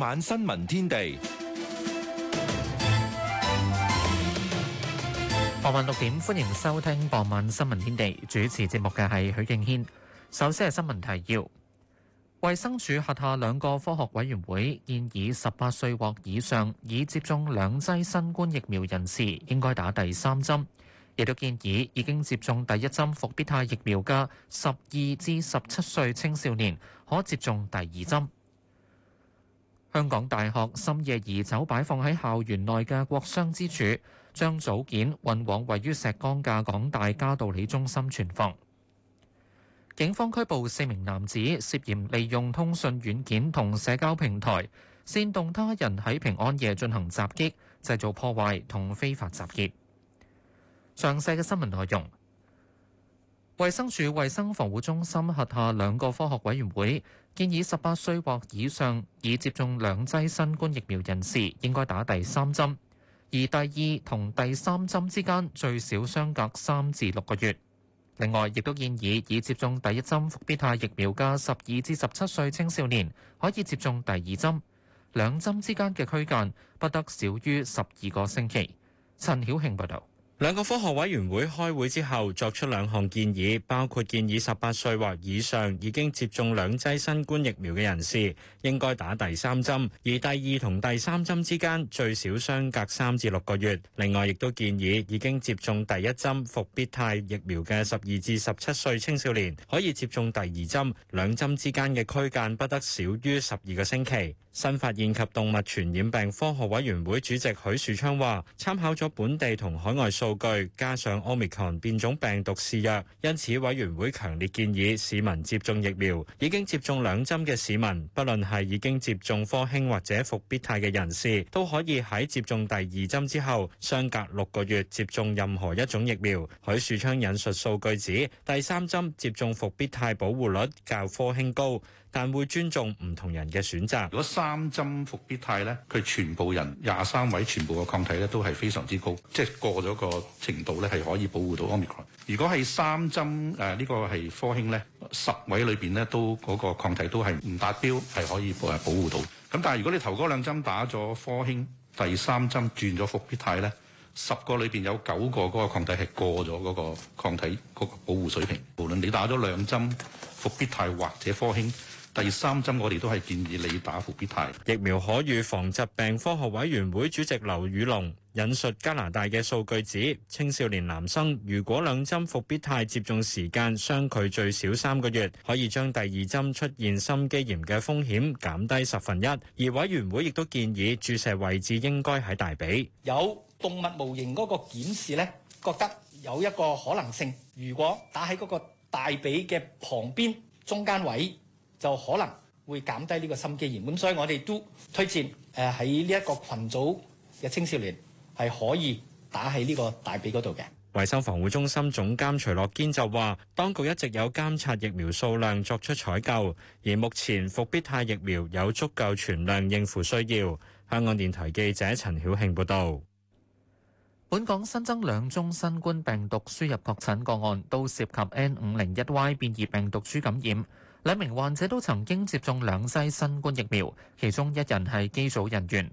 晚新聞天地，傍晚六點，歡迎收聽傍晚新聞天地。主持節目嘅係許敬軒。首先係新聞提要，衛生署轄下兩個科學委員會建議，十八歲或以上已接種兩劑新冠疫苗人士應該打第三針，亦都建議已經接種第一針復必泰疫苗嘅十二至十七歲青少年可接種第二針。香港大學深夜移走擺放喺校園內嘅國殤之柱，將組件運往位於石崗嘅港大嘉道理中心存放。警方拘捕四名男子，涉嫌利用通訊軟件同社交平台煽動他人喺平安夜進行襲擊、製造破壞同非法集結。詳細嘅新聞內容。衛生署衛生防護中心轄下兩個科學委員會建議，十八歲或以上已接種兩劑新冠疫苗人士應該打第三針，而第二同第三針之間最少相隔三至六個月。另外，亦都建議已接種第一針復必泰疫苗嘅十二至十七歲青少年可以接種第二針，兩針之間嘅區間不得少於十二個星期。陳曉慶報道。兩個科學委員會開會之後作出兩項建議，包括建議十八歲或以上已經接種兩劑新冠疫苗嘅人士應該打第三針，而第二同第三針之間最少相隔三至六個月。另外，亦都建議已經接種第一針復必泰疫苗嘅十二至十七歲青少年可以接種第二針，兩針之間嘅區間不得少於十二個星期。新發現及動物傳染病科學委員會主席許樹昌話，參考咗本地同海外數。數據加上奧 o n 變種病毒肆虐，因此委員會強烈建議市民接種疫苗。已經接種兩針嘅市民，不論係已經接種科興或者伏必泰嘅人士，都可以喺接種第二針之後，相隔六個月接種任何一種疫苗。許樹昌引述數據指，第三針接種伏必泰保護率較科興高。但會尊重唔同人嘅選擇。如果三針復必泰咧，佢全部人廿三位全部嘅抗體咧都係非常之高，即係過咗個程度咧係可以保護到奧密克戎。如果係三針誒呢個係科興咧，十位裏邊咧都嗰個抗體都係唔達標，係可以誒保護到。咁但係如果你頭嗰兩針打咗科興，第三針轉咗復必泰咧，十個裏邊有九個嗰個抗體係過咗嗰個抗體嗰個保護水平。無論你打咗兩針復必泰或者科興。第三針，我哋都係建議你打復必泰。疫苗可預防疾病科學委員會主席劉宇龍引述加拿大嘅數據指，指青少年男生如果兩針復必泰接種時間相距最少三個月，可以將第二針出現心肌炎嘅風險減低十分一。而委員會亦都建議注射位置應該喺大髀。有動物模型嗰個檢視呢，覺得有一個可能性，如果打喺嗰個大髀嘅旁邊中間位，就可能會減低呢個心肌炎，咁所以我哋都推薦誒喺呢一個羣組嘅青少年係可以打喺呢個大髀嗰度嘅。衞生防護中心總監徐樂堅就話，當局一直有監察疫苗數量作出採購，而目前復必泰疫苗有足夠存量應付需要。香港電台記者陳曉慶報道。本港新增兩宗新冠病毒輸入確診個案，都涉及 N 五零一 Y 變異病毒株感染。兩名患者都曾經接種兩劑新冠疫苗，其中一人係機組人員。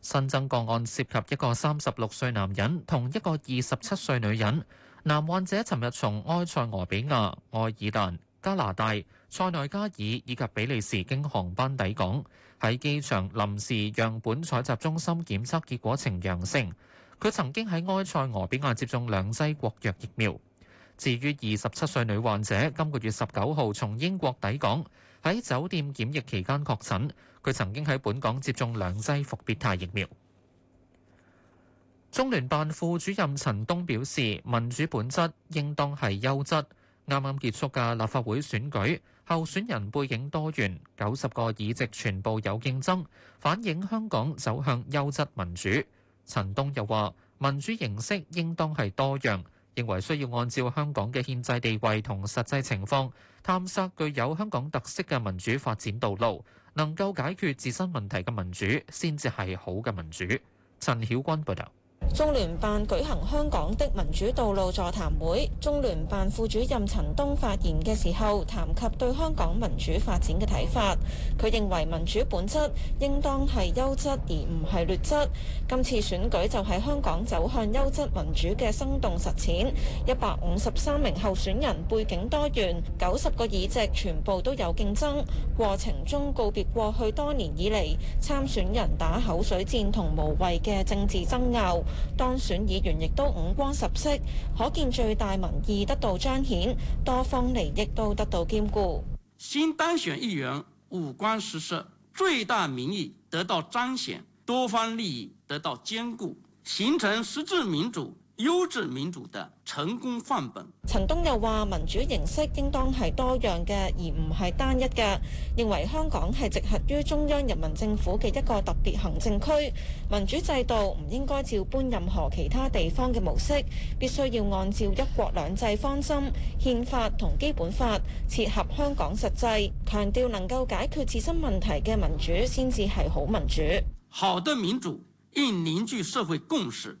新增個案涉及一個三十六歲男人同一個二十七歲女人。男患者尋日從埃塞俄比亞、愛爾蘭、加拿大、塞內加爾以及比利時經航班抵港，喺機場臨時樣本採集中心檢測結果呈陽性。佢曾經喺埃塞俄比亞接種兩劑國藥疫苗。至於二十七歲女患者，今個月十九號從英國抵港，喺酒店檢疫期間確診。佢曾經喺本港接種兩劑復必泰疫苗。中聯辦副主任陳東表示，民主本質應當係優質。啱啱結束嘅立法會選舉，候選人背景多元，九十個議席全部有競爭，反映香港走向優質民主。陳東又話，民主形式應當係多樣。認為需要按照香港嘅憲制地位同實際情況，探索具有香港特色嘅民主發展道路，能夠解決自身問題嘅民主，先至係好嘅民主。陳曉君報道。中聯辦舉行香港的民主道路座談會，中聯辦副主任陳東發言嘅時候談及對香港民主發展嘅睇法。佢認為民主本質應當係優質而唔係劣質。今次選舉就係香港走向優質民主嘅生動實踐。一百五十三名候選人背景多元，九十個議席全部都有競爭。過程中告別過去多年以嚟參選人打口水戰同無謂嘅政治爭拗。當選議員亦都五光十色，可見最大民意得到彰顯，多方利益都得到兼顧。新當選議員五光十色，最大民意得到彰顯，多方利益得到兼顧，形成實質民主。優質民主的成功範本。陳東又話：民主形式應當係多樣嘅，而唔係單一嘅。認為香港係直轄於中央人民政府嘅一個特別行政區，民主制度唔應該照搬任何其他地方嘅模式，必須要按照一國兩制方針、憲法同基本法，切合香港實際。強調能夠解決自身問題嘅民主先至係好民主。好的民主應凝聚社會共識，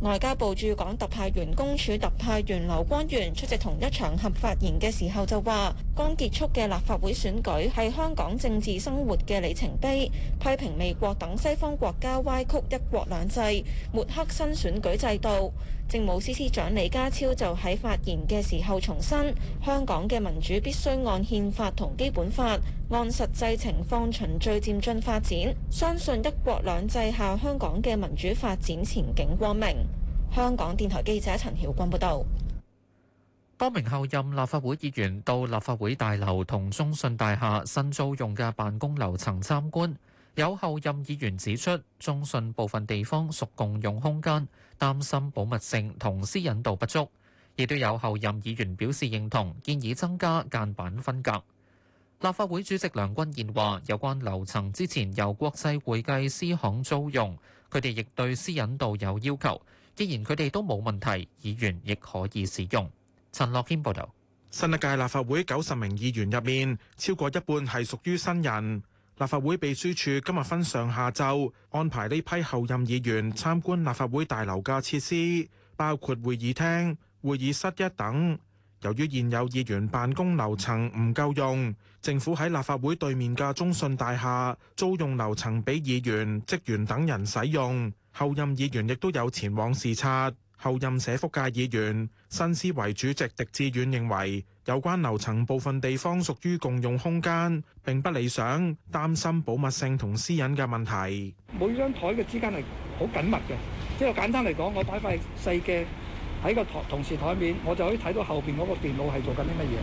外交部駐港特派員公署特派員劉光源出席同一場合發言嘅時候就話：剛結束嘅立法會選舉係香港政治生活嘅里程碑，批評美國等西方國家歪曲一國兩制，抹黑新選舉制度。政務司司長李家超就喺發言嘅時候重申，香港嘅民主必須按憲法同基本法，按實際情況循序漸進發展。相信一國兩制下香港嘅民主發展前景光明。香港電台記者陳曉君報道。多名候任立法會議員到立法會大樓同中信大廈新租用嘅辦公樓層參觀。有候任議員指出，中信部分地方屬共用空間，擔心保密性同私隱度不足。亦都有候任議員表示認同，建議增加間板分隔。立法會主席梁君彥話：有關樓層之前由國際會計師行租用，佢哋亦對私隱度有要求。既然佢哋都冇問題，議員亦可以使用。陳樂謙報導，新一屆立法會九十名議員入面，超過一半係屬於新人。立法會秘書處今日分上下晝安排呢批候任議員參觀立法會大樓嘅設施，包括會議廳、會議室一等。由於現有議員辦公樓層唔夠用，政府喺立法會對面嘅中信大廈租用樓層俾議員、職員等人使用。候任議員亦都有前往視察。後任社福界議員新思維主席狄志遠認為，有關樓層部分地方屬於共用空間，並不理想，擔心保密性同私隱嘅問題。每張台嘅之間係好緊密嘅，即係簡單嚟講，我擺塊細鏡喺個台同事台面，我就可以睇到後邊嗰個電腦係做緊啲乜嘢。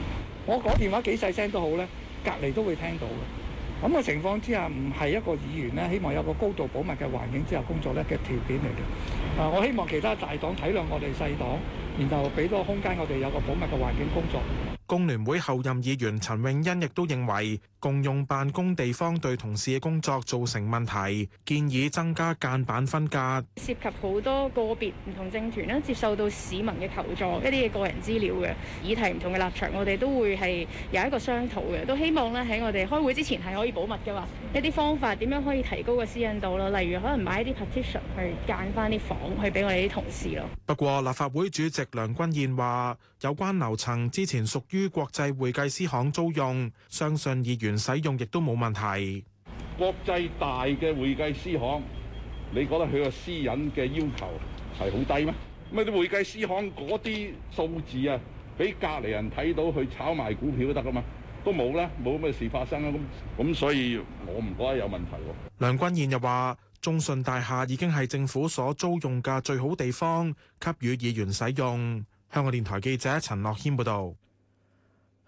我講電話幾細聲都好咧，隔籬都會聽到嘅。咁嘅情況之下，唔係一個議員咧，希望有個高度保密嘅環境之下工作咧嘅條件嚟嘅。啊，我希望其他大黨體諒我哋細黨，然後俾多空間我哋有個保密嘅環境工作。工聯會候任議員陳穎欣亦都認為。共用辦公地方對同事嘅工作造成問題，建議增加間板分隔。涉及好多個別唔同政團咧，接受到市民嘅求助一啲嘅個人資料嘅議題，唔同嘅立場我哋都會係有一個商討嘅，都希望咧，喺我哋開會之前係可以保密嘅嘛。一啲方法點樣可以提高個私隱度咯？例如可能買一啲 partition 去間翻啲房去俾我哋啲同事咯。不過立法會主席梁君彥話有關樓層之前屬於國際會計師行租用，相信議員。使用亦都冇問題。國際大嘅會計師行，你覺得佢個私隱嘅要求係好低咩？咁啲會計師行嗰啲數字啊，俾隔離人睇到去炒賣股票都得噶嘛？都冇啦，冇咩事發生啊！咁，咁，所以我唔覺得有問題啊。梁君彥又話，中信大廈已經係政府所租用嘅最好地方，給予議員使用。香港電台記者陳樂謙報道。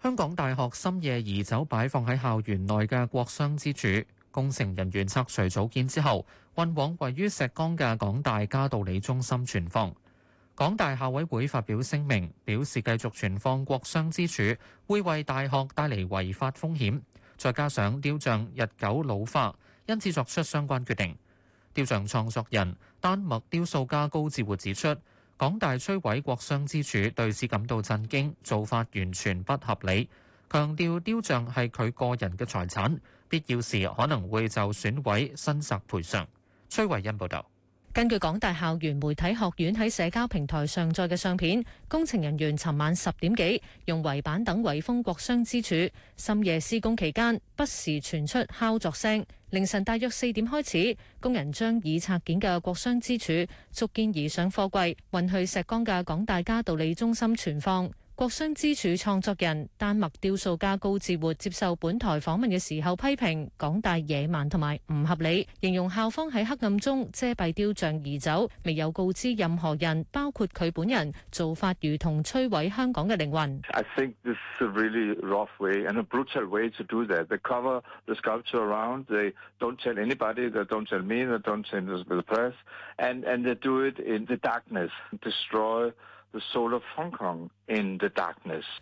香港大學深夜移走擺放喺校園內嘅國殤之柱，工程人員拆除組件之後，運往位於石崗嘅港大嘉道理中心存放。港大校委會發表聲明，表示繼續存放國殤之柱會為大學帶嚟違法風險，再加上雕像日久老化，因此作出相關決定。雕像創作人丹麥雕塑家高志活指出。港大摧毀國殤之柱，對此感到震驚，做法完全不合理。強調雕像係佢個人嘅財產，必要時可能會就損毀申索賠償。崔慧恩報導。根據港大校園媒體學院喺社交平台上載嘅相片，工程人員尋晚十點幾用圍板等圍封國殤之柱，深夜施工期間不時傳出敲作聲。凌晨大約四點開始，工人將已拆件嘅國殤之柱逐件移上貨櫃，運去石崗嘅港大嘉道理中心存放。國殤之柱創作人丹麥雕塑家高志活接受本台訪問嘅時候批評港大野蠻同埋唔合理，形容校方喺黑暗中遮蔽雕像移走，未有告知任何人，包括佢本人，做法如同摧毀香港嘅靈魂。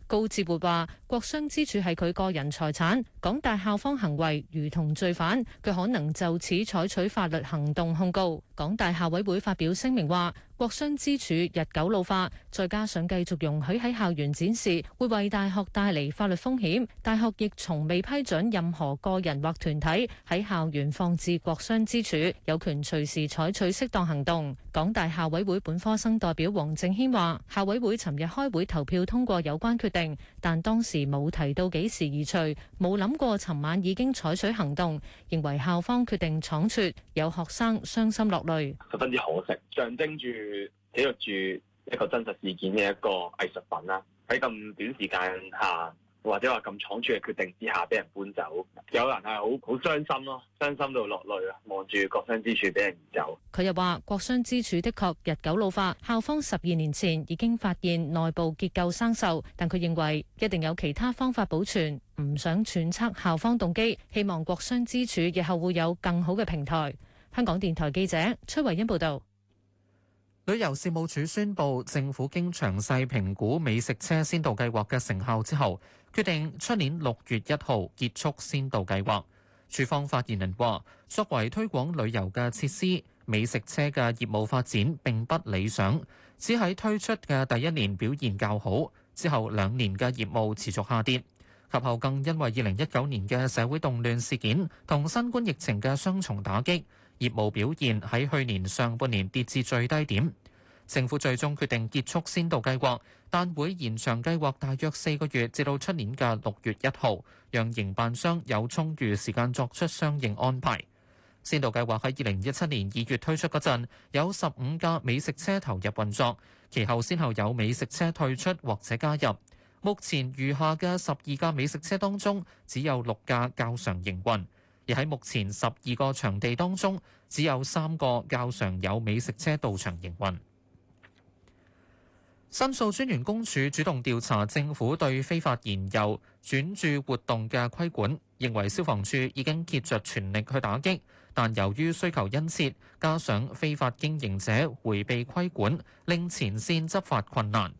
高志活話：國殤之柱係佢個人財產，港大校方行為如同罪犯，佢可能就此採取法律行動控告。港大校委會發表聲明話。國商之處日久老化，再加上繼續容許喺校園展示，會為大學帶嚟法律風險。大學亦從未批准任何個人或團體喺校園放置國商之處，有權隨時採取適當行動。港大校委會本科生代表黃正謙話：校委會尋日開會投票通過有關決定，但當時冇提到幾時移除，冇諗過尋晚已經採取行動，認為校方決定倉促，有學生傷心落淚，十分之可惜，象徵住，佢記錄住一個真實事件嘅一個藝術品啦，喺咁短時間下，或者話咁倉促嘅決定之下，俾人搬走，有人係好好傷心咯，傷心到落淚啊，望住國殤之柱俾人移走。佢又話國殤之柱的確日久老化，校方十二年前已經發現內部結構生銹，但佢認為一定有其他方法保存，唔想揣測校方動機，希望國殤之柱日後會有更好嘅平台。香港電台記者崔維欣報道。旅遊事務署宣布，政府經詳細評估美食車先導計劃嘅成效之後，決定出年六月一號結束先導計劃。署方發言人話：作為推廣旅遊嘅設施，美食車嘅業務發展並不理想，只喺推出嘅第一年表現較好，之後兩年嘅業務持續下跌，及後更因為二零一九年嘅社會動亂事件同新冠疫情嘅雙重打擊。業務表現喺去年上半年跌至最低點，政府最終決定結束先導計劃，但會延長計劃大約四個月，至到出年嘅六月一號，讓營辦商有充裕時間作出相應安排。先導計劃喺二零一七年二月推出嗰陣，有十五架美食車投入運作，其後先後有美食車退出或者加入，目前餘下嘅十二架美食車當中，只有六架較常營運。而喺目前十二個場地當中，只有三個較常有美食車到場營運。申訴專員公署主動調查政府對非法燃油轉注活動嘅規管，認為消防處已經竭盡全力去打擊，但由於需求殷切，加上非法經營者迴避規管，令前線執法困難。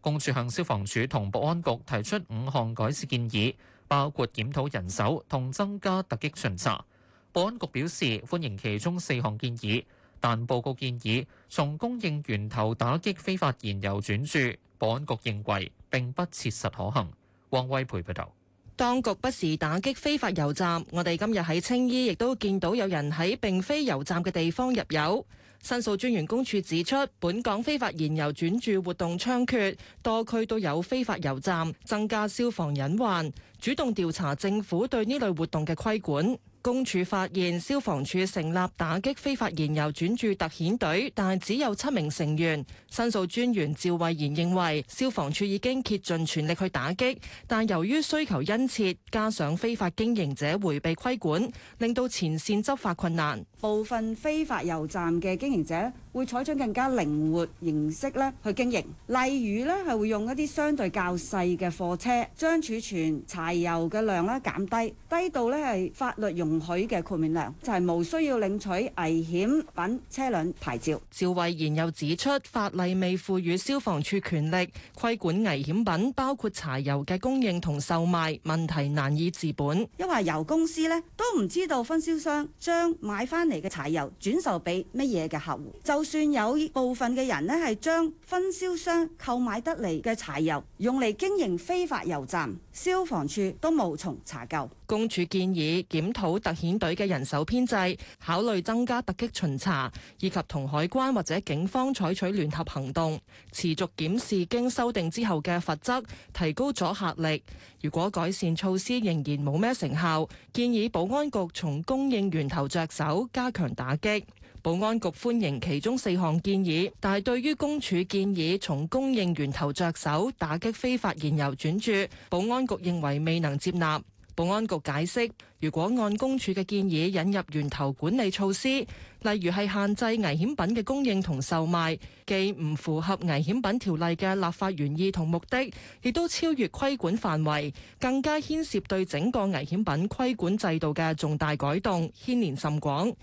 公署向消防處同保安局提出五項改善建議。包括檢討人手同增加突擊巡查。保安局表示歡迎其中四項建議，但報告建議從供應源頭打擊非法燃油轉注，保安局認為並不切實可行。王威培報導。當局不時打擊非法油站，我哋今日喺青衣亦都見到有人喺並非油站嘅地方入油。申訴專員公署指出，本港非法燃油轉注活動猖獗，多區都有非法油站，增加消防隱患，主動調查政府對呢類活動嘅規管。公署發現消防處成立打擊非法燃油轉注特遣隊，但係只有七名成員。申訴專員趙慧賢認為，消防處已經竭盡全力去打擊，但由於需求殷切，加上非法經營者迴避規管，令到前線執法困難。部分非法油站嘅經營者會採取更加靈活形式咧去經營，例如咧係會用一啲相對較細嘅貨車，將儲存柴油嘅量咧減低，低度咧係法律容容許嘅豁免量就係、是、無需要領取危險品車輛牌照。趙慧賢又指出，法例未賦予消防處權力規管危險品，包括柴油嘅供應同售賣問題，難以治本。因為油公司呢都唔知道分銷商將買翻嚟嘅柴油轉售俾乜嘢嘅客戶。就算有部分嘅人呢係將分銷商購買得嚟嘅柴油用嚟經營非法油站，消防處都無從查究。公署建議檢討。特遣隊嘅人手編制，考慮增加突擊巡查，以及同海關或者警方採取聯合行動，持續檢視經修訂之後嘅罰則，提高阻嚇力。如果改善措施仍然冇咩成效，建議保安局從供應源頭着手加強打擊。保安局歡迎其中四項建議，但係對於公署建議從供應源頭着手打擊非法燃油轉注，保安局認為未能接納。保安局解釋，如果按公署嘅建議引入源頭管理措施，例如係限制危險品嘅供應同售賣，既唔符合危險品條例嘅立法原意同目的，亦都超越規管範圍，更加牽涉對整個危險品規管制度嘅重大改動，牽連甚廣。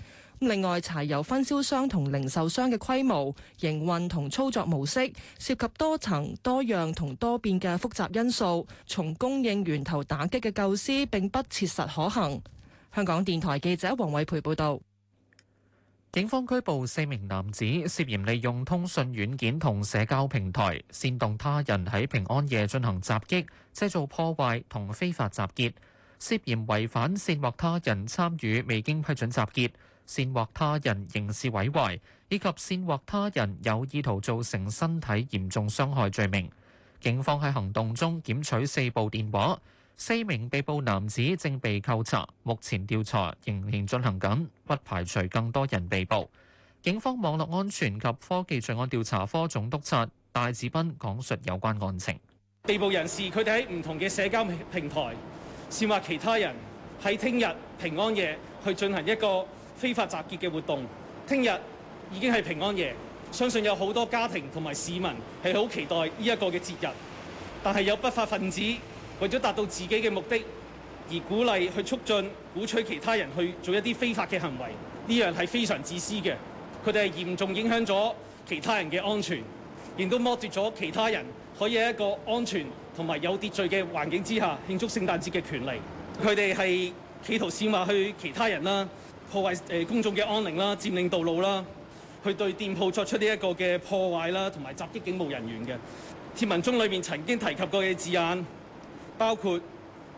另外，柴油分銷商同零售商嘅規模、營運同操作模式涉及多層、多樣同多變嘅複雜因素，從供應源頭打擊嘅構思並不切實可行。香港電台記者黃偉培報道，警方拘捕四名男子，涉嫌利用通訊軟件同社交平台煽動他人喺平安夜進行襲擊、製造破壞同非法集結，涉嫌違反煽惑他人參與未經批准集結。煽惑他人刑事毀壞，以及煽惑他人有意圖造成身體嚴重傷害罪名。警方喺行動中檢取四部電話，四名被捕男子正被扣查，目前調查仍然進行緊，不排除更多人被捕。警方網絡安全及科技罪案調查科總督察戴志斌講述有關案情。被捕人士，佢哋喺唔同嘅社交平台，煽惑其他人喺聽日平安夜去進行一個。非法集結嘅活動，聽日已經係平安夜，相信有好多家庭同埋市民係好期待呢一個嘅節日。但係有不法分子為咗達到自己嘅目的，而鼓勵去促進、鼓吹其他人去做一啲非法嘅行為，呢樣係非常自私嘅。佢哋係嚴重影響咗其他人嘅安全，亦都剝奪咗其他人可以喺一個安全同埋有秩序嘅環境之下慶祝聖誕節嘅權利。佢哋係企圖煽惑去其他人啦、啊，破壞誒公眾嘅安寧啦，佔領道路啦，去對店鋪作出呢一個嘅破壞啦，同埋襲擊警務人員嘅貼文中裏面曾經提及過嘅字眼，包括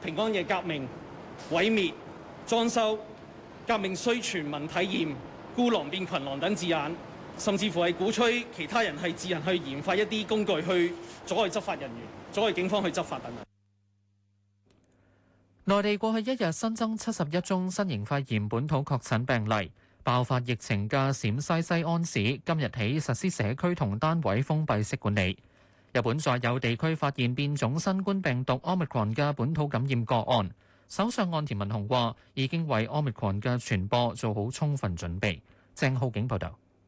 平安夜革命、毀滅、裝修、革命需全民體驗、孤狼變群狼等字眼，甚至乎係鼓吹其他人係自行去研發一啲工具去阻礙執法人員、阻礙警方去執法等等。內地過去一日新增七十一宗新型肺炎本土確診病例，爆發疫情嘅陝西西安市今日起實施社區同單位封閉式管理。日本再有地區發現變種新冠病毒 Omicron 嘅本土感染個案，首相岸田文雄話已經為 Omicron 嘅傳播做好充分準備。鄭浩景報道。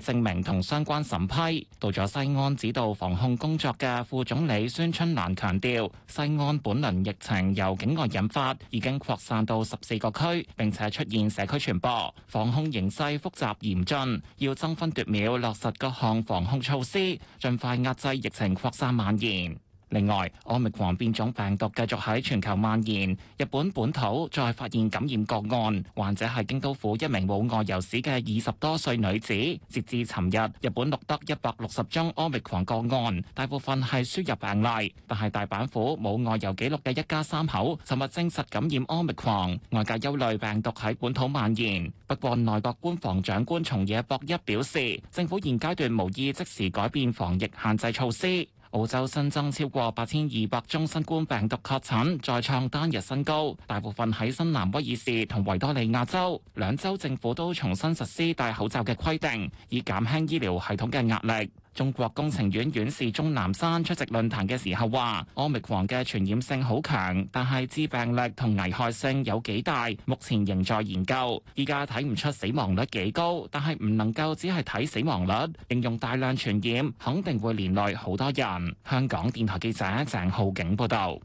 證明同相關審批，到咗西安指導防控工作嘅副總理孫春蘭強調，西安本輪疫情由境外引發，已經擴散到十四個區，並且出現社區傳播，防控形勢複雜嚴峻，要爭分奪秒落實各項防控措施，盡快壓制疫情擴散蔓延。另外，奧密克戎變種病毒繼續喺全球蔓延。日本本土再發現感染個案，患者係京都府一名冇外遊史嘅二十多歲女子。截至尋日，日本錄得一百六十宗奧密克戎個案，大部分係輸入病例。但係大阪府冇外遊記錄嘅一家三口，尋日證實感染奧密克戎，外界憂慮病毒喺本土蔓延。不過，內閣官房長官松野博一表示，政府現階段無意即時改變防疫限制措施。澳洲新增超過八千二百宗新冠病毒確診，再創單日新高。大部分喺新南威爾士同維多利亞州，兩州政府都重新實施戴口罩嘅規定，以減輕醫療系統嘅壓力。中國工程院院士鍾南山出席論壇嘅時候話：Omicron 嘅傳染性好強，但係致病率同危害性有幾大，目前仍在研究。依家睇唔出死亡率幾高，但係唔能夠只係睇死亡率，應用大量傳染肯定會連累好多人。香港電台記者鄭浩景報道。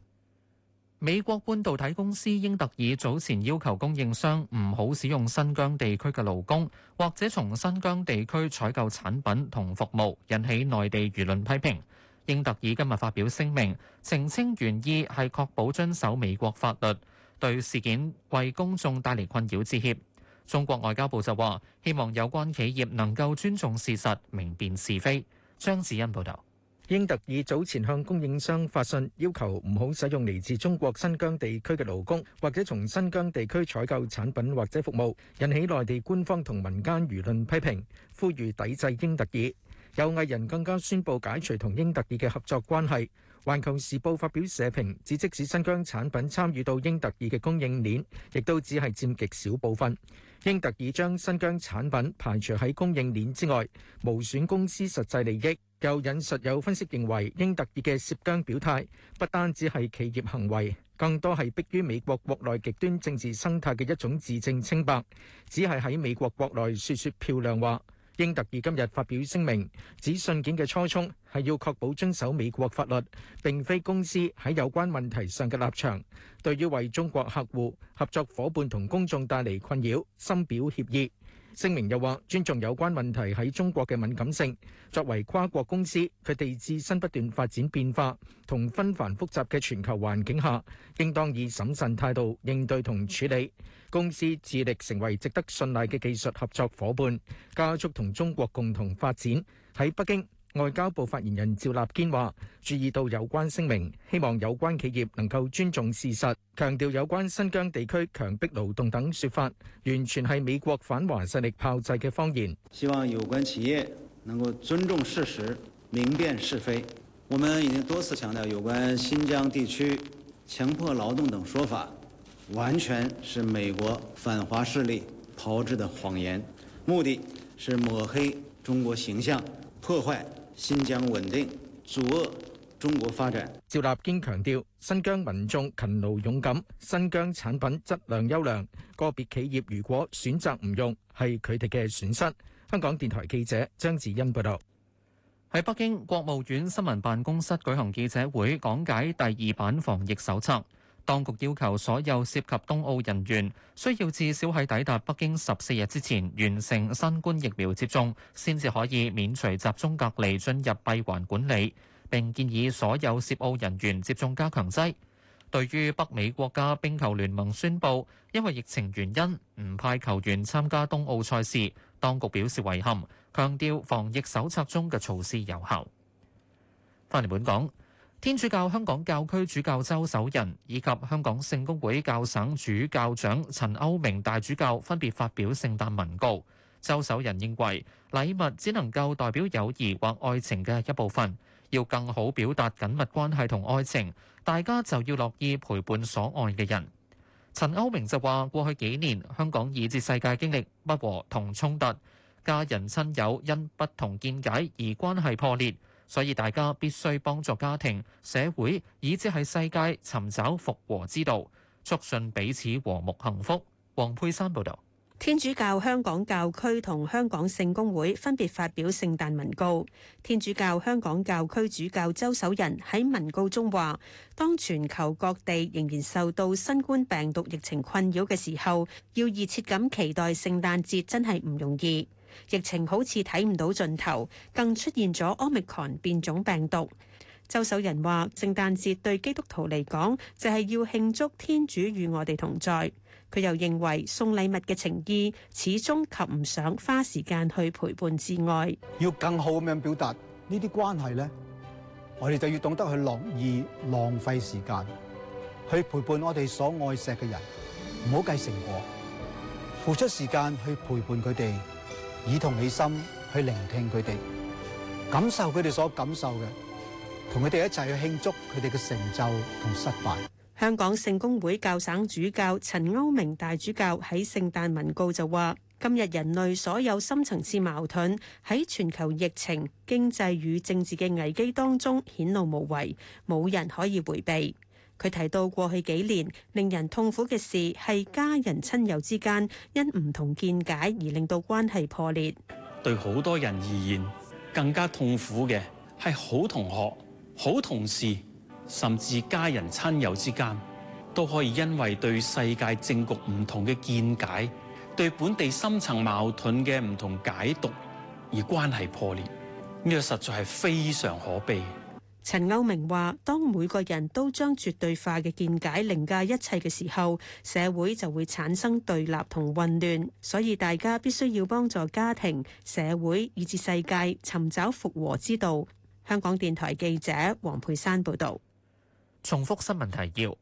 美國半導體公司英特爾早前要求供應商唔好使用新疆地區嘅勞工，或者從新疆地區採購產品同服務，引起內地輿論批評。英特爾今日發表聲明，澄清原意係確保遵守美國法律，對事件為公眾帶嚟困擾致歉。中國外交部就話，希望有關企業能夠尊重事實，明辨是非。張子欣報導。英特爾早前向供應商發信，要求唔好使用嚟自中國新疆地區嘅勞工，或者從新疆地區採購產品或者服務，引起內地官方同民間輿論批評，呼籲抵制英特爾。有藝人更加宣布解除同英特爾嘅合作關係。環球時報發表社評，指即使新疆產品參與到英特爾嘅供應鏈，亦都只係佔極少部分。英特爾將新疆產品排除喺供應鏈之外，無損公司實際利益。又引述有分析認為，英特爾嘅涉疆表態不單只係企業行為，更多係迫於美國國內極端政治生態嘅一種自證清白，只係喺美國國內説説漂亮話。英特爾今日發表聲明，指信件嘅初衷係要確保遵守美國法律，並非公司喺有關問題上嘅立場。對於為中國客戶、合作夥伴同公眾帶嚟困擾，深表歉意。聲明又話：尊重有關問題喺中國嘅敏感性。作為跨國公司，佢哋自身不斷發展變化，同紛繁複雜嘅全球環境下，應當以審慎態度應對同處理。公司致力成為值得信賴嘅技術合作伙伴，加速同中國共同發展。喺北京。外交部發言人趙立堅話，注意到有關聲明，希望有關企業能夠尊重事實，強調有關新疆地區強迫勞動等說法，完全係美國反華勢力炮製嘅謊言。希望有關企業能夠尊重事實，明辨是非。我們已經多次強調有關新疆地區強迫勞動等說法，完全是美國反華勢力炮製的謊言，目的是抹黑中國形象，破壞。新疆穩定，阻遏中國發展。趙立堅強調，新疆民眾勤勞勇敢，新疆產品質量優良。個別企業如果選擇唔用，係佢哋嘅損失。香港電台記者張智欣報道。喺北京國務院新聞辦公室舉行記者會，講解第二版防疫手冊。當局要求所有涉及冬奧人員需要至少喺抵達北京十四日之前完成新冠疫苗接種，先至可以免除集中隔離進入閉環管理。並建議所有涉奧人員接種加強劑。對於北美國家冰球聯盟宣布因為疫情原因唔派球員參加冬奧賽事，當局表示遺憾，強調防疫手冊中嘅措施有效。翻嚟本港。天主教香港教區主教周守仁以及香港聖公會教省主教長陳歐明大主教分別發表聖誕文告。周守仁認為，禮物只能夠代表友誼或愛情嘅一部分，要更好表達緊密關係同愛情，大家就要樂意陪伴所愛嘅人。陳歐明就話，過去幾年，香港以至世界經歷不和同衝突，家人親友因不同見解而關係破裂。所以大家必須幫助家庭、社會，以至喺世界尋找復和之道，促進彼此和睦幸福。黃佩珊報導。天主教香港教區同香港聖公會分別發表聖誕文告。天主教香港教區主教周守仁喺文告中話：當全球各地仍然受到新冠病毒疫情困擾嘅時候，要熱切咁期待聖誕節真係唔容易。疫情好似睇唔到盡頭，更出現咗 Omicron 變種病毒。周守仁話：聖誕節對基督徒嚟講，就係、是、要慶祝天主與我哋同在。佢又認為送禮物嘅情意，始終及唔上花時間去陪伴至愛。要更好咁樣表達呢啲關係呢，我哋就要懂得去樂意浪費時間去陪伴我哋所愛錫嘅人，唔好計成果，付出時間去陪伴佢哋。以同理心去聆聽佢哋，感受佢哋所感受嘅，同佢哋一齊去慶祝佢哋嘅成就同失敗。香港聖公會教省主教陳歐明大主教喺聖誕文告就話：今日人類所有深層次矛盾喺全球疫情、經濟與政治嘅危機當中顯露無遺，冇人可以回避。佢提到過去幾年令人痛苦嘅事係家人親友之間因唔同見解而令到關係破裂。對好多人而言，更加痛苦嘅係好同學、好同事，甚至家人親友之間都可以因為對世界政局唔同嘅見解、對本地深層矛盾嘅唔同解讀而關係破裂。呢個實在係非常可悲。陳歐明話：當每個人都將絕對化嘅見解凌駕一切嘅時候，社會就會產生對立同混亂。所以大家必須要幫助家庭、社會以至世界尋找復和之道。香港電台記者黃佩珊報道。重複新聞提要：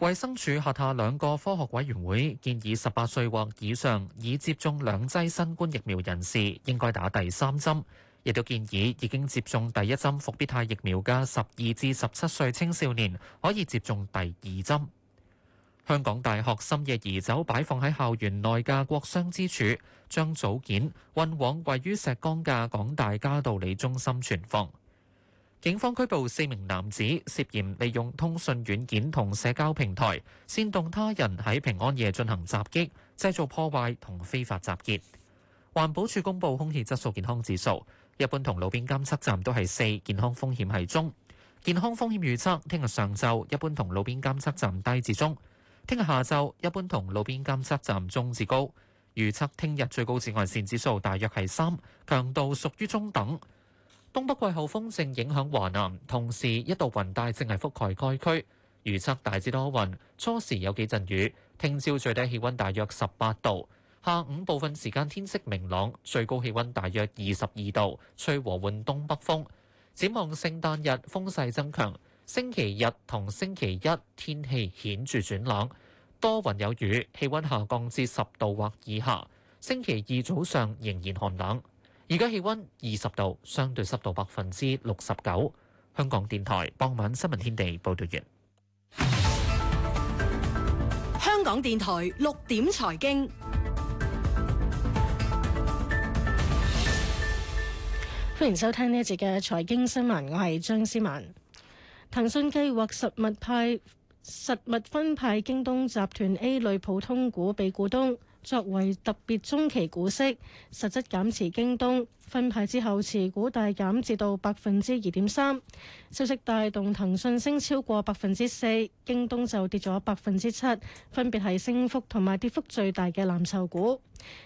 衛生署轄下兩個科學委員會建議，十八歲或以上已接種兩劑新冠疫苗人士應該打第三針。亦都建議已經接種第一針復必泰疫苗嘅十二至十七歲青少年可以接種第二針。香港大學深夜移走擺放喺校園內嘅國殤之柱，將組件運往位於石崗嘅港大嘉道理中心存放。警方拘捕四名男子，涉嫌利用通訊軟件同社交平台煽動他人喺平安夜進行襲擊、製造破壞同非法集結。環保署公布空氣質素健康指數。一般同路邊監測站都係四，健康風險係中。健康風險預測聽日上晝一般同路邊監測站低至中，聽日下晝一般同路邊監測站中至高。預測聽日最高紫外線指數大約係三，強度屬於中等。東北季候風正影響華南，同時一道雲帶正係覆蓋該區。預測大致多雲，初時有幾陣雨。聽朝最低氣溫大約十八度。下午部分時間天色明朗，最高氣温大約二十二度，吹和緩東北風。展望聖誕日風勢增強，星期日同星期一天氣顯著轉冷，多雲有雨，氣温下降至十度或以下。星期二早上仍然寒冷。而家氣温二十度，相對濕度百分之六十九。香港電台傍晚新聞天地報道完。香港電台六點財經。歡迎收聽呢一節嘅財經新聞，我係張思曼。騰訊計劃實物派實物分派京東集團 A 類普通股俾股東。作為特別中期股息，實質減持京東分派之後，持股大減至到百分之二點三。消息帶動騰訊升超過百分之四，京東就跌咗百分之七，分別係升幅同埋跌幅最大嘅藍籌股。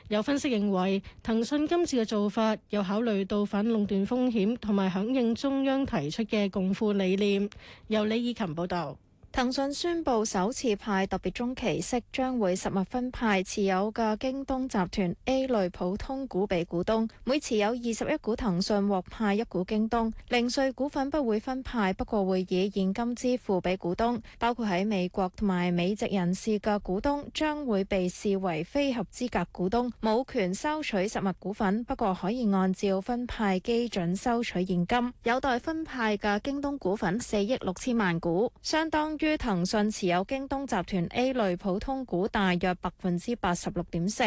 有分析認為，騰訊今次嘅做法有考慮到反壟斷風險同埋響應中央提出嘅共富理念。由李以琴報道。騰訊宣布首次派特別中期息，將會實物分派持有嘅京東集團 A 類普通股俾股東，每持有二十一股騰訊獲派一股京東。零碎股份不會分派，不過會以現金支付俾股東。包括喺美國同埋美籍人士嘅股東將會被視為非合資格股東，冇權收取實物股份，不過可以按照分派基準收取現金。有待分派嘅京東股份四億六千萬股，相當。於騰訊持有京東集團 A 類普通股大約百分之八十六點四，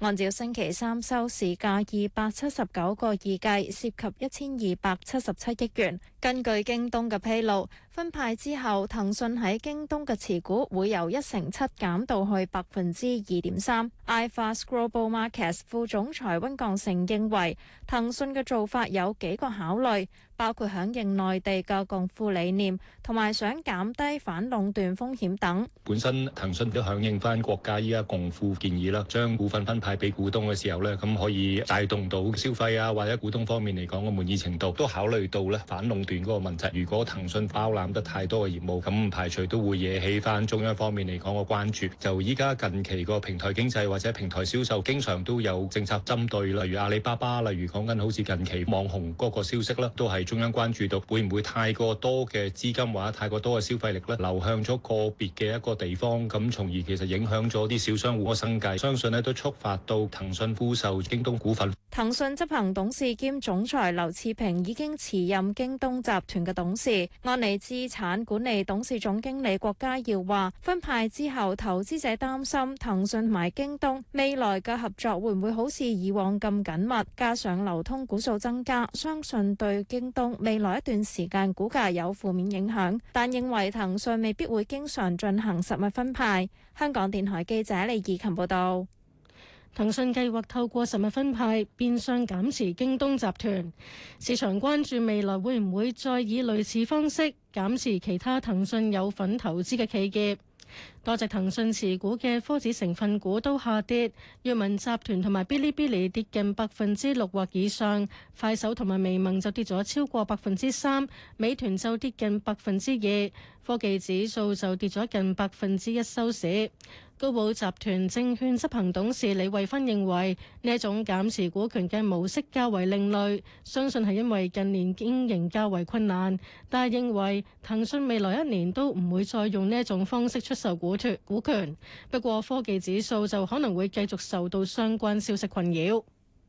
按照星期三收市價二百七十九個二計，涉及一千二百七十七億元。根據京東嘅披露。分派之後，騰訊喺京東嘅持股會由一成七減到去百分之二點三。iFast Global Markets 副總裁温鋼成認為，騰訊嘅做法有幾個考慮，包括響應內地嘅共富理念，同埋想減低反壟斷風險等。本身騰訊都響應翻國家依家共富建議啦，將股份分派俾股東嘅時候呢，咁可以帶動到消費啊，或者股東方面嚟講嘅滿意程度，都考慮到呢反壟斷嗰個問題。如果騰訊包啦～減得太多嘅業務，咁唔排除都會惹起翻中央方面嚟講嘅關注。就依家近期個平台經濟或者平台銷售，經常都有政策針對，例如阿里巴巴，例如講緊好似近期網紅嗰個消息啦，都係中央關注到，會唔會太過多嘅資金或者太過多嘅消費力咧，流向咗個別嘅一個地方，咁從而其實影響咗啲小商戶嘅生計，相信咧都觸發到騰訊沽售京東股份。騰訊執行董事兼總裁劉熾平已經辭任京東集團嘅董事。按理，資產管理董事總經理郭家耀話：分派之後，投資者擔心騰訊同埋京東未來嘅合作會唔會好似以往咁緊密，加上流通股數增加，相信對京東未來一段時間股價有負面影響。但認為騰訊未必會經常進行實物分派。香港電台記者李怡琴報道。騰訊計劃透過實物分派變相減持京東集團，市場關注未來會唔會再以類似方式減持其他騰訊有份投資嘅企業。多隻騰訊持股嘅科指成分股都下跌，閱文集團同埋 Bilibili 跌近百分之六或以上，快手同埋微盟就跌咗超過百分之三，美團就跌近百分之二。科技指數就跌咗近百分之一收市。高寶集團證券執行董事李慧芬認為呢一種減持股權嘅模式較為另類，相信係因為近年經營較為困難。但係認為騰訊未來一年都唔會再用呢一種方式出售股脱股權。不過科技指數就可能會繼續受到相關消息困擾。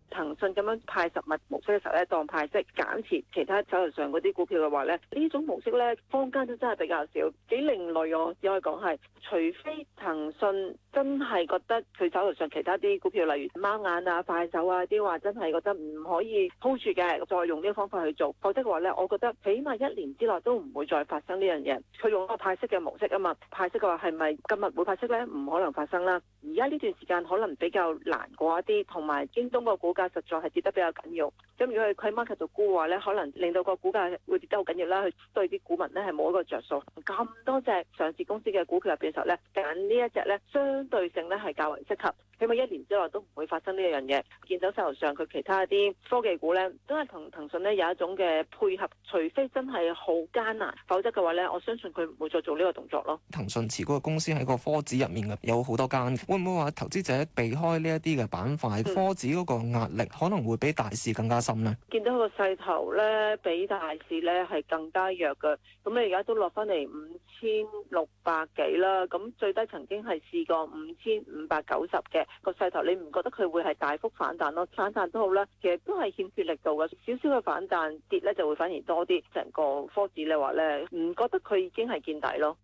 騰訊咁樣派實物模式嘅時候咧，當派息減持其他手頭上嗰啲股票嘅話咧，呢種模式咧，坊間都真係比較少，幾另類哦，只可以講係，除非騰訊。真係覺得佢手頭上其他啲股票，例如貓眼啊、快手啊啲，話真係覺得唔可以 hold 住嘅，再用呢個方法去做。否則嘅話呢，我覺得起碼一年之內都唔會再發生呢樣嘢。佢用一個派息嘅模式啊嘛，派息嘅話係咪今日會派息呢？唔可能發生啦。而家呢段時間可能比較難過一啲，同埋京東個股價實在係跌得比較緊要。咁如果佢 market 度沽話呢，可能令到個股價會跌得好緊要啦。佢對啲股民呢，係冇一個着數。咁多隻上市公司嘅股票入邊嘅時候咧，揀呢一隻咧將。對性咧係較為適合。起碼一年之內都唔會發生呢一樣嘢。見到市頭上佢其他啲科技股咧，都係同騰訊咧有一種嘅配合。除非真係好艱難，否則嘅話咧，我相信佢唔會再做呢個動作咯。騰訊持股嘅公司喺個科指入面有好多間，會唔會話投資者避開呢一啲嘅板塊？嗯、科指嗰個壓力可能會比大市更加深呢？見到個勢頭咧，比大市咧係更加弱嘅。咁你而家都落翻嚟五千六百幾啦。咁最低曾經係試過五千五百九十嘅。個勢頭你唔覺得佢會係大幅反彈咯？反彈都好啦，其實都係欠缺力度嘅，少少嘅反彈跌咧就會反而多啲。成個科指你話咧，唔覺得佢已經係見底咯。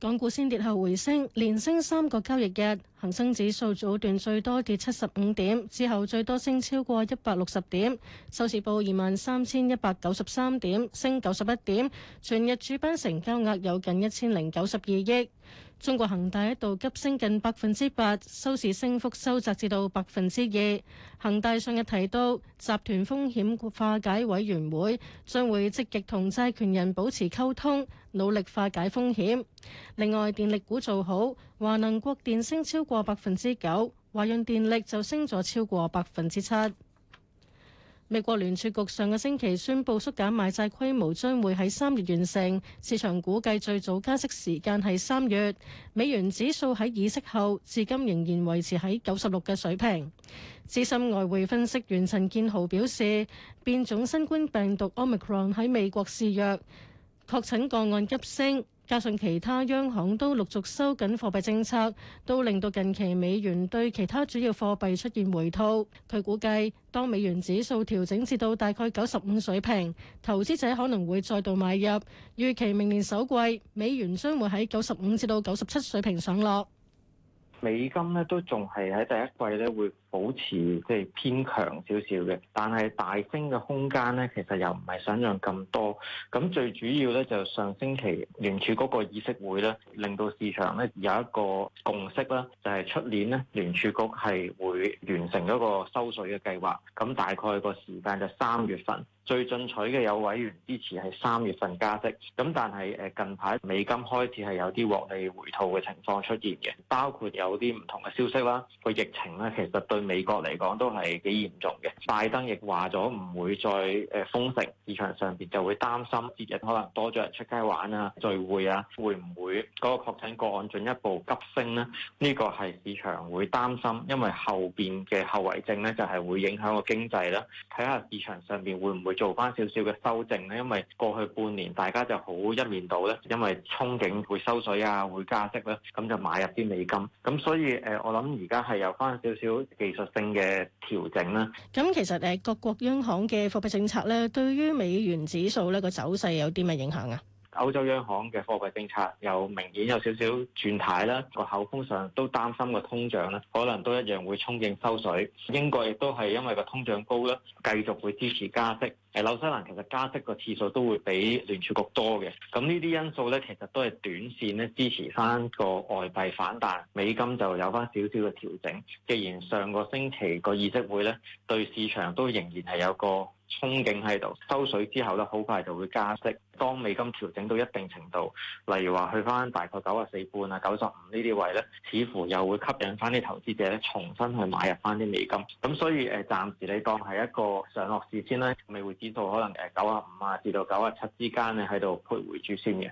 港股先跌後回升，連升三個交易日，恆生指數早段最多跌七十五點，之後最多升超過一百六十點，收市報二萬三千一百九十三點，升九十一點。全日主板成交額有近一千零九十二億。中國恒大一度急升近百分之八，收市升幅收窄至到百分之二。恒大上日提到，集團風險化解委員會將會積極同債權人保持溝通，努力化解風險。另外，電力股做好，華能國電升超過百分之九，華潤電力就升咗超過百分之七。美國聯儲局上個星期宣布縮減買債規模，將會喺三月完成。市場估計最早加息時間係三月。美元指數喺議息後至今仍然維持喺九十六嘅水平。資深外匯分析員陳建豪表示，變種新冠病毒 Omicron 喺美國肆虐，確診個案急升。加上其他央行都陸續收緊貨幣政策，都令到近期美元對其他主要貨幣出現回吐。佢估計當美元指數調整至到大概九十五水平，投資者可能會再度買入。預期明年首季美元將會喺九十五至到九十七水平上落。美金咧都仲係喺第一季咧會保持即係偏強少少嘅，但係大升嘅空間咧其實又唔係想象咁多。咁最主要咧就上星期聯儲局嗰個議息會咧，令到市場咧有一個共識啦，就係、是、出年咧聯儲局係會完成一個收水嘅計劃，咁大概個時間就三月份。最進取嘅有委員支持係三月份加息，咁但係誒近排美金開始係有啲獲利回吐嘅情況出現嘅，包括有啲唔同嘅消息啦，個疫情咧其實對美國嚟講都係幾嚴重嘅。拜登亦話咗唔會再誒封城，市場上邊就會擔心節日可能多咗人出街玩啊、聚會啊，會唔會嗰個確診個案進一步急升呢？呢、呢個係市場會擔心，因為後邊嘅後遺症咧就係會影響個經濟啦。睇下市場上邊會唔會做翻少少嘅修正咧，因為過去半年大家就好一面倒咧，因為憧憬會收水啊，會加息咧，咁就買入啲美金。咁所以誒，我諗而家係有翻少少技術性嘅調整啦。咁其實誒，各國央行嘅貨幣政策咧，對於美元指數咧個走勢有啲咩影響啊？歐洲央行嘅貨幣政策又明顯有少少轉態啦，個口風上都擔心個通脹咧，可能都一樣會衝勁收水。英國亦都係因為個通脹高咧，繼續會支持加息。誒紐西蘭其實加息個次數都會比聯儲局多嘅。咁呢啲因素咧，其實都係短線咧支持翻個外幣反彈，美金就有翻少少嘅調整。既然上個星期個議息會咧，對市場都仍然係有個憧憬喺度，收水之後咧，好快就會加息。當美金調整到一定程度，例如話去翻大概九十四半啊，九十五呢啲位咧，似乎又會吸引翻啲投資者咧，重新去買入翻啲美金。咁所以誒，暫時你當係一個上落市先咧，美匯指數可能誒九十五啊至到九十七之間咧，喺度徘徊住先嘅。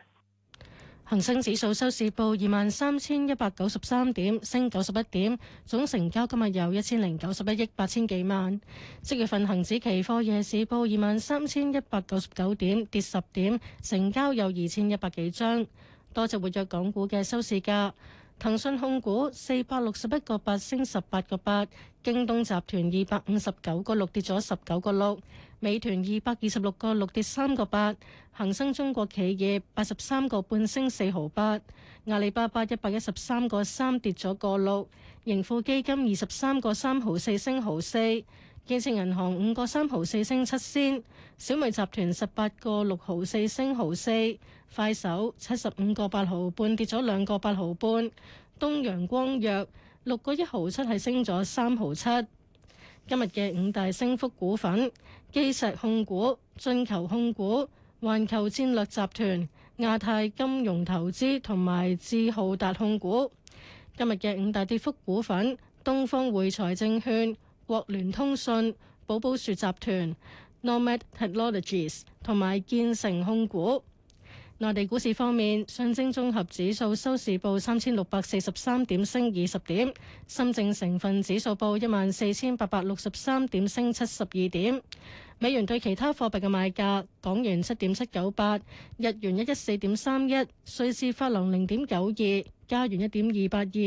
恒生指數收市報二萬三千一百九十三點，升九十一點，總成交今日有一千零九十一億八千幾萬。即月份恒指期貨夜市報二萬三千一百九十九點，跌十點，成交有二千一百幾張。多隻活躍港股嘅收市價：騰訊控股四百六十一個八升十八個八，京東集團二百五十九個六跌咗十九個六。美團二百二十六個六跌三個八，恒生中國企業八十三個半升四毫八，阿里巴巴一百一十三個三跌咗個六，盈富基金二十三個三毫四升毫四，建設銀行五個三毫四升七仙，小米集團十八個六毫四升毫四，快手七十五個八毫半跌咗兩個八毫半，東陽光藥六個一毫七係升咗三毫七。今日嘅五大升幅股份：基石控股、進球控股、環球戰略集團、亞太金融投資同埋智浩達控股。今日嘅五大跌幅股份：東方匯財證券、國聯通訊、寶寶樹集團、Nomad Technologies 同埋建成控股。內地股市方面，上證綜合指數收市報三千六百四十三點，升二十點；深證成分指數報一萬四千八百六十三點，升七十二點。美元對其他貨幣嘅賣價：港元七點七九八，日元一一四點三一，瑞士法郎零點九二，加元一點二八二，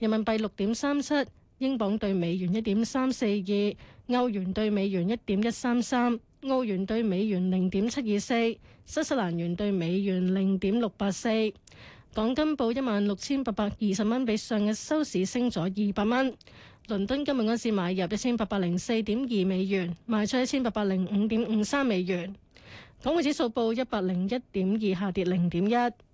人民幣六點三七，英鎊兌美元一點三四二，歐元兌美元一點一三三，澳元兌美元零點七二四。新西蘭元兌美元零點六八四，港金報一萬六千八百二十蚊，比上日收市升咗二百蚊。倫敦今日安市買入一千八百零四點二美元，賣出一千八百零五點五三美元。港匯指數報一百零一點二，下跌零點一。